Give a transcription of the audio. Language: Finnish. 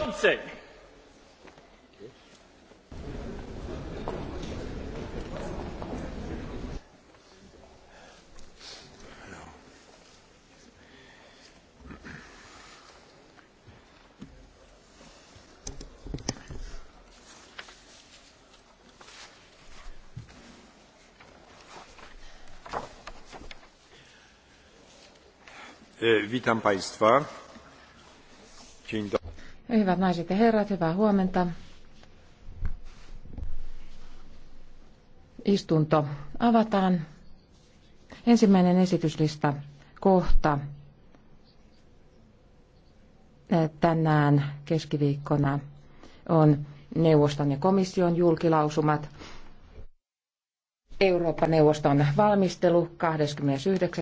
przewodniczący! E, witam państwa. dzień dobry. Hyvät naiset ja herrat, hyvää huomenta. Istunto avataan. Ensimmäinen esityslista kohta tänään keskiviikkona on neuvoston ja komission julkilausumat. Eurooppa-neuvoston valmistelu 29.